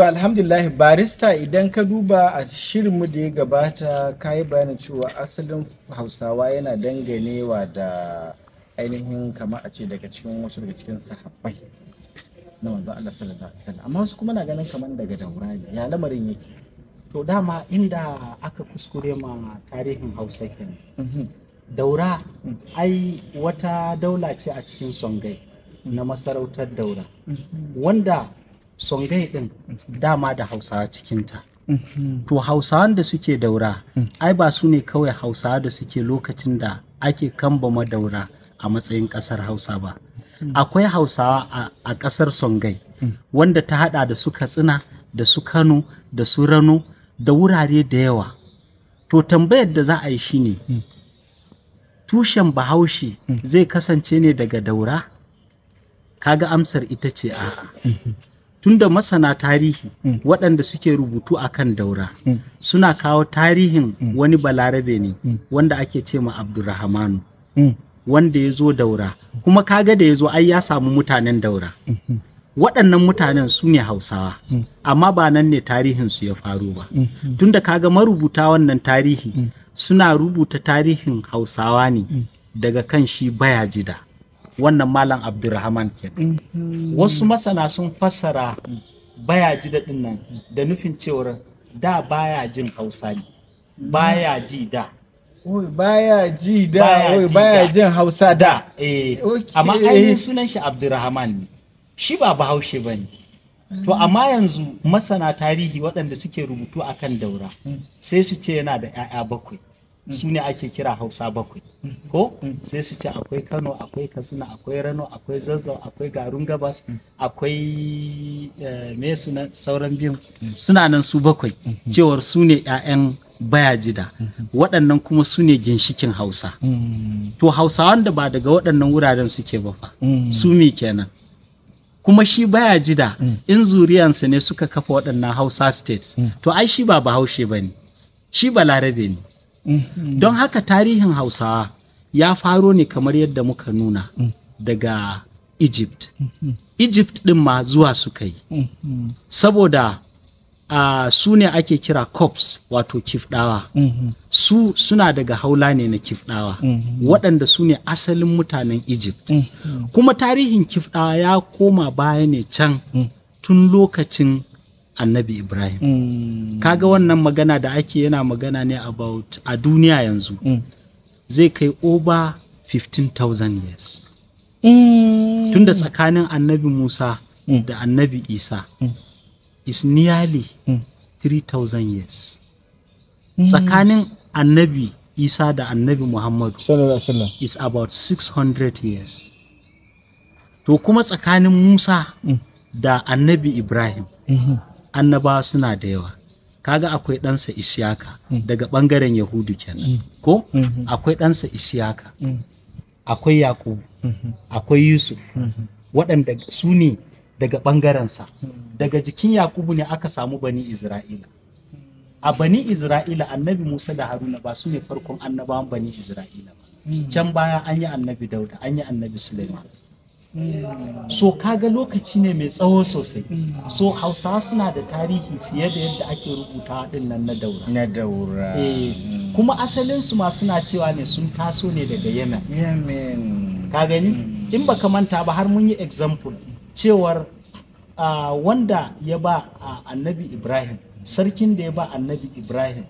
To alhamdulillah barista idan ka duba a shirinmu da ya gabata ka yi bayanin cewa asalin hausawa yana danganewa da ainihin kama a ce daga cikin wasu daga cikin sahabbai na wanzu Allah sallallahu alaihi wasallam amma wasu kuma na ganin kaman daga daura ne ya lamarin yake to dama inda aka kuskure ma tarihin Hausa kenan mhm. daura mm. ai wata daula ce a cikin songai na masarautar daura mhm. wanda songai din dama da hausawa cikinta mm-hmm. to hausawan da suke daura mm. ai ba su ne kawai hausawa da suke lokacin da ake kambama daura a matsayin ƙasar hausa ba mm. akwai hausawa a ƙasar songai mm. wanda ta haɗa da su katsina da su kano da su rano da wurare da yawa to tambayar da za a yi shi ne tushen bahaushe zai kasance ne daga daura kaga amsar ita ce a'a mm-hmm. tunda masana tarihi mm. waɗanda suke rubutu a kan daura mm. suna kawo tarihin mm. wani balarabe ne mm. wanda ake ce ma abdurrahmanu mm. wanda ya zo daura kuma kaga da ya zo ai ya samu mutanen daura -hmm. waɗannan mutanen su ne hausawa mm. amma ba nan ne tarihinsu ya faru ba -hmm. tunda kaga marubuta wannan tarihi suna rubuta tarihin hausawa ne daga kan shi baya jida. wannan malam abdurrahman ke mhm. wasu masana sun fassara baya ji daɗin nan da nufin cewar da baya jin hausa ne mhm. baya ji da baya ji da baya jin hausa da eh. amma ainihin sunan shi abdurrahman ne shi ba bahaushe ba ne to mm. amma yanzu masana tarihi waɗanda suke rubutu akan daura mm. sai su ce yana da 'ya'ya bakwai Mm. su ne ake kira hausa bakwai mm. ko mm. sai su ce akwai kano akwai katsina akwai rano akwai zazzau akwai garun gabas akwai eh, me na sauran biyun suna nan su bakwai mm-hmm. cewar su ne 'ya'yan bayajida mm-hmm. waɗannan kuma su ne ginshikin hausa to hausawan da ba daga waɗannan wuraren suke ba fa su mi kenan kuma shi baya jida in zuriyansa ne suka kafa waɗannan hausa states to ai shi ba bahaushe ba ne shi balarabe ne don haka tarihin hausawa ya faro ne kamar yadda muka nuna daga egypt egypt ɗin ma zuwa suka yi saboda uh, su ne ake kira cops wato kifdawa mm -hmm. su suna daga haula ne na kifdawa mm -hmm. waɗanda su ne asalin mutanen egypt mm -hmm. kuma tarihin kifdawa ya koma baya ne can tun lokacin annabi ibrahim mm. kaga wannan magana da ake yana magana ne about a duniya yanzu mm. zai kai over 15,000 years mm. tunda tsakanin annabi musa hmm. da annabi isa hmm. is nearly 3,000 hmm. years tsakanin annabi isa da annabi muhammadu is about 600 years to kuma tsakanin musa da annabi ibrahim -hmm. annabawa suna da yawa kaga akwai ɗansa isiyaka mm. daga ɓangaren yahudu kenan mm. ko mm-hmm. akwai ɗansa isiyaka mm. akwai Yakubu mm-hmm. akwai yusuf mm-hmm. waɗanda su ne daga ɓangarensa daga jikin yaƙubu ne aka samu bani isra'ila a bani isra'ila annabi musa da haruna ba su ne farkon annabawan bani isra'ila ba can baya an yi annabi dauda an yi annabi suleiman so kaga lokaci ne mai tsawo sosai so hausa suna da tarihi fiye da yadda ake rubuta din nan na daura eh, kuma asalin su ma suna cewa ne sun taso ne daga yemen yemen ka gani mm. in baka manta ba har mun yi example cewar wanda ya ba annabi ibrahim sarkin da ya ba annabi ibrahim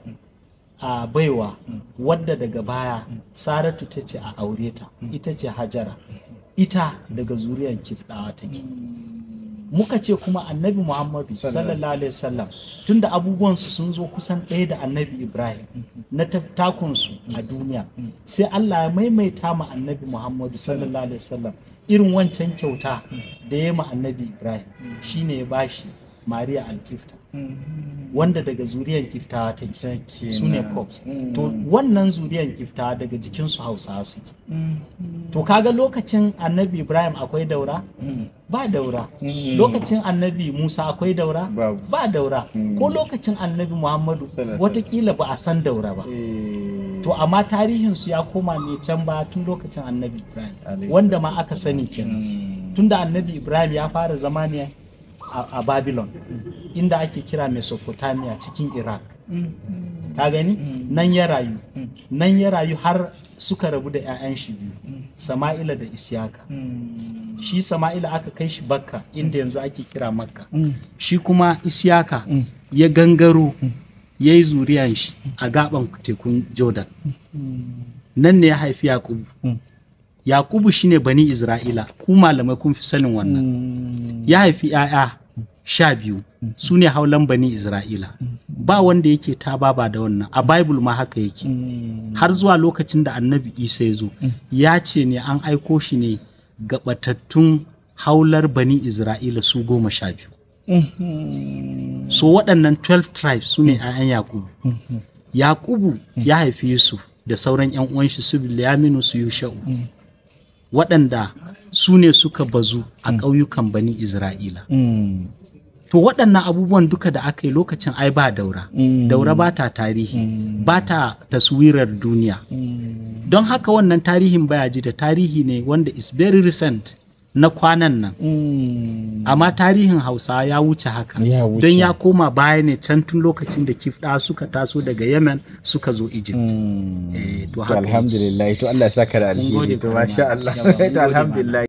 a baiwa mm. wadda daga baya mm. saratu ta ce a aureta ita ce hajara ita daga zuriyar kifdawa take muka ce kuma annabi muhammadu sallallahu alaihi wasallam tunda abubuwansu sun zo kusan ɗaya da annabi ibrahim na takunsu a duniya sai allah ya maimaita ma annabi muhammadu sallallahu alaihi wasallam irin wancan kyauta da ya ma annabi ibrahim shine ya bashi mariya alkifta mm. wanda daga zuriyan kifta take su ne cops mm. to wannan zuriyar kifta daga jikinsu hausa suke mm. to kaga lokacin annabi ibrahim akwai daura ba daura lokacin annabi musa akwai daura ba daura ko lokacin annabi muhammadu watakila ba a san daura ba eh. to amma tarihinsu ya koma ne can ba tun lokacin annabi ibrahim wanda ma aka sani kenan tunda annabi ibrahim ya fara zama ne a babylon inda ake kira mesopotamia cikin iraq Ta gani nan ya rayu nan ya rayu har suka rabu da 'ya'yan shi biyu sama'ila da isyaka shi sama'ila aka kai shi bakka inda yanzu ake kira makka shi kuma isiyaka ya gangaro ya yi zuriyan shi a gaban tekun jordan nan ne ya haifi yakubu yakubu shine bani isra'ila ku malamai kun fi sanin wannan ya haifi 'ya'ya sha biyu su ne haulan bani isra'ila ba wanda yake ta baba da wannan a bible ma haka yake har zuwa lokacin da annabi isa ya zo ya ce ne an aiko shi ne ga haular bani isra'ila su goma sha biyu so waɗannan 12 tribes su ne 'ya'yan yakubu yakubu ya haifi yusuf da sauran 'yan uwan shi su bilyaminu su yusha'u waɗanda su ne suka bazu a mm. ƙauyukan bani Isra'ila. Mm. To waɗannan abubuwan duka da aka yi lokacin ai ba daura, mm. daura ba ta tarihi, ba ta taswirar duniya. Don haka wannan tarihin ji da tarihi ne wanda is very recent. na kwanan nan mm. amma tarihin hausa ya wuce haka don ya koma baya ne can tun lokacin da kifɗa suka taso daga yemen suka zo egypt mm. eh, to alhamdulillah to allah ya saka da alheri to masha allah to alhamdulillah